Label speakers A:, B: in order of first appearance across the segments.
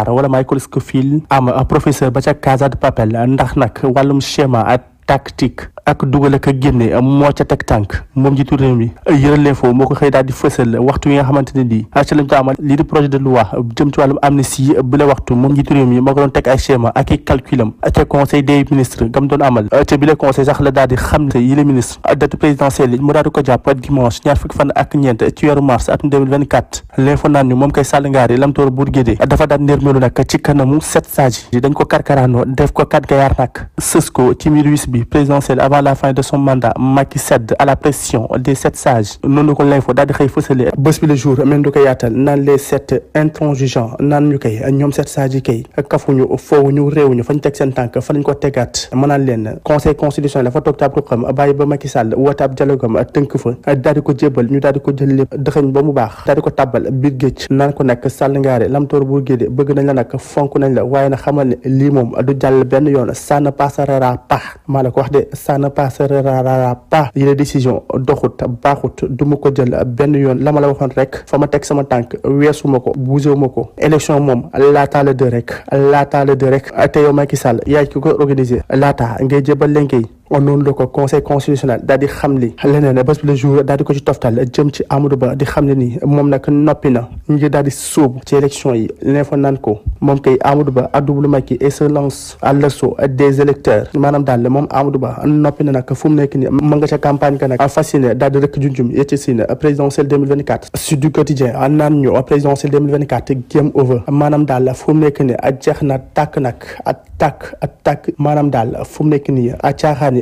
A: ar wala microscopie am professeur ba ca Casa de Papel ndax nag wàllum schéma ak tactique ak dugal ak génne moo ca teg tànk moom jiitu réew mi yëral l'info moo ko xëy daal di waxtu yi nga xamante lii di ci wàllum ko doon teg def ko kat gayaar nag sës ci miir wis présidentielle avant la fin de son mandat Macky cède à la pression des sept sages Nous nous ko l'info daal di xëy bi le jour même du ko yaatal les sept intransigeants nan ñu koy ñoom sept sages yi koy kafuñu foowuñu réewuñu fañ teg seen tànk fa lañ ko conseil constitutionnel dafa toog taab ruqam bàyyi ba Macky Sall woote ab dialogue tinkufu, tënk fa daal di ko jébal ñu daal di ko jël lépp dëxëñ ba mu baax daal di ko tàbbal biir géej naan ko nag bu bëgg nañ la fonk nañ la na xamal moom du ça ne passera pas maa la wax de ne passera pas yi la décision d'ohut, baaxut du ma ko jël benn yoon la la rek fama tek sama tank, weesu ma ko buusewu ma élection moom laataa la de rek laataa la de rek te yow Macky ko organisé lata, ngay jébal noonu la ko conseil constitutionnel daal di xam li leneen bés bi le jour daal di ko ci toftal jëm ci Amadou Ba di xam ne ni moom nag noppi na ngir daal di sóobu ci élection yi leen fa naan ko moom kay Amadou Ba addublu makki et se lance à l'assaut des électeurs maanaam daal moom Amadou Ba noppi na nag fu mu nekk ni ma nga ca campagne ka nag fasciné daal di rek junjum yecci sin présidentielle 2024 Sud du Quotidien naan ñu présidentielle 2024 game over maanaam daal fu mu nekk ni jeex na tàkk nag a tàkk a tàkk maanaam daal fu mu nekk ni a caaxaan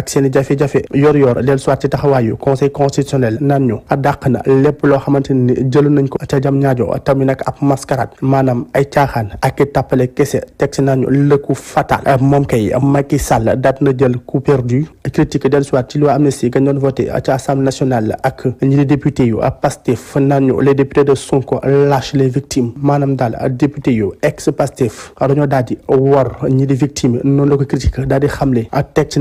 A: action seen jafé jafé yor-yor del soit ci conseil constitutionnel naan adakna lepp lo xamanteni lépp jël nañ ko ca jam ñaajo mascarade ay ak kese teg si le le fatal eh, mom kay Macky Sall na coup perdu critique del soit ci loi amnistie voté à assemblée nationale ak ñi député yu Pastef naan les députés de Sonko lâche les victimes manam dal député yu ex Pastef dañoo daal war ñi di victime non la ko critique dadi xamlé ak teg ci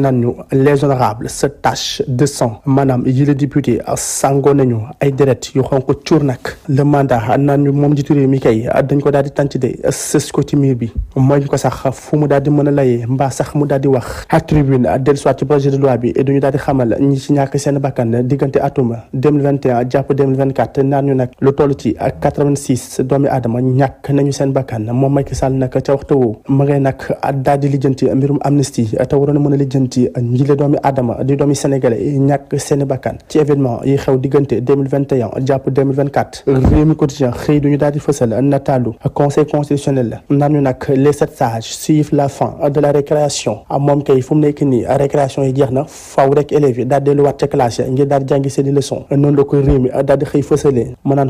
A: les se tâche de sang madame il est député à Sangonenu, ay deret yu xonk le mandat à ñu Mondituri jiitu à mi kay dañ ko de sës ko ci miir bi mooñ ko sax fu mu daal a sax à tribune à ci projet de loi Et duñu daal di xamal ñi ci ñàkk seen bakkan diggante 2021 jàpp 2024 naan ñu à toll ci 86 Domi Adam, ñàkk nañu seen bakkan moom à Sall nag ca waxtu woo ma ngay nag daal amnistie te doomi Adama, di doomi sénégalais ñàkk seeni bakkan ci événement yi xew diganté 2021 jàpp 2024 Rémi mi quotidien xëy duñu daal di conseil constitutionnel naan les sept sages suivent la fin de la récréation à kay fu mu nekk récréation yi jeex na faw rek élèves yi daal delluwaat classe ya ngir daal jàngi seeni leçon Non la ko réew mi daal di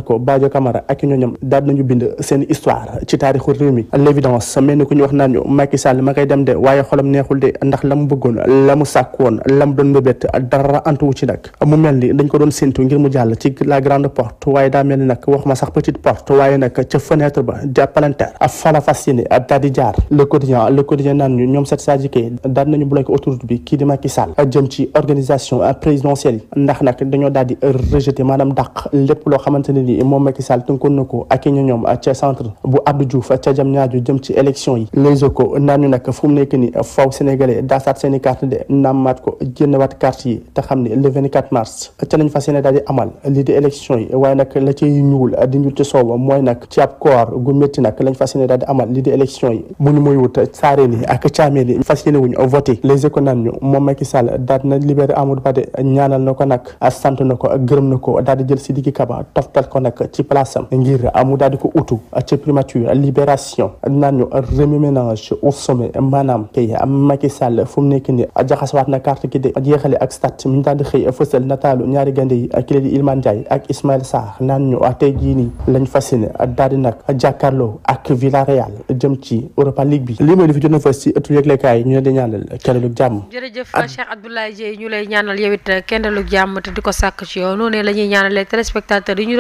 A: ko Badio Camara ak ñooñam daal nañu bind seen histoire ci Rémi, l'évidence Mais nous connaissons ñu wax naan ma dem de waaye xolam neexul de ndax la mu la woon lam doon mébét dara antuwu ci nag mu mel ni dañ ko doon séntu ngir mu jàll ci la grande porte waaye daa mel ni nag wax ma sax petite porte waaye nag ca fenêtre ba jàppalanteer fala fasciné daal di jaar le quotidien le quotidien nan ñu ñoom Sat Sadiki daal nañu bloqué autoroute bi kii di Macky Sall jëm ci organisation présidentielle yi ndax nag dañoo daal di rejeté madame dàq lépp loo xamante ne ni moom Macky Sall tënkoon na ko ak ñu ñoom ca centre bu Abdou Diouf ca jam ci élection yi les échos naan ñu nag fu mu ni faw sénégalais daa saat seeni carte de naam amaat ko génnewaat carte yi te xam ne le 24 mars Ba de ñaanal na ko nag sant na ko gërëm na ko daal di jël Sidiki Kaba toftal ko nag ci place ngir amu daal ko utu ci primature libération naan ñu remue ménage au sommet maanaam kay Macky Sall fu mu nekk ni jaxasawaat nag na carte gi de jeexale ak stat mi ñu daal di a fësal nataalu ñaari gande yi ak kii di Iliman Ndiaye ak Ismaël Sarr naan ñu ah, tey nii lañ fas yéene daal di nag jàkkaarloo ak Villarreal jëm ci Europa League lii mooy li fi jot a ci ëttu yëglekaay ñu leen ñaanal kendalu jàmm. jërëjëf Cheikh Abdoulaye Dieye ñu lay ñaanal yow it kendalu jàmm te di ko sàkk ci yow noonu la ñuy ñaanalee téléspectateurs yi ñu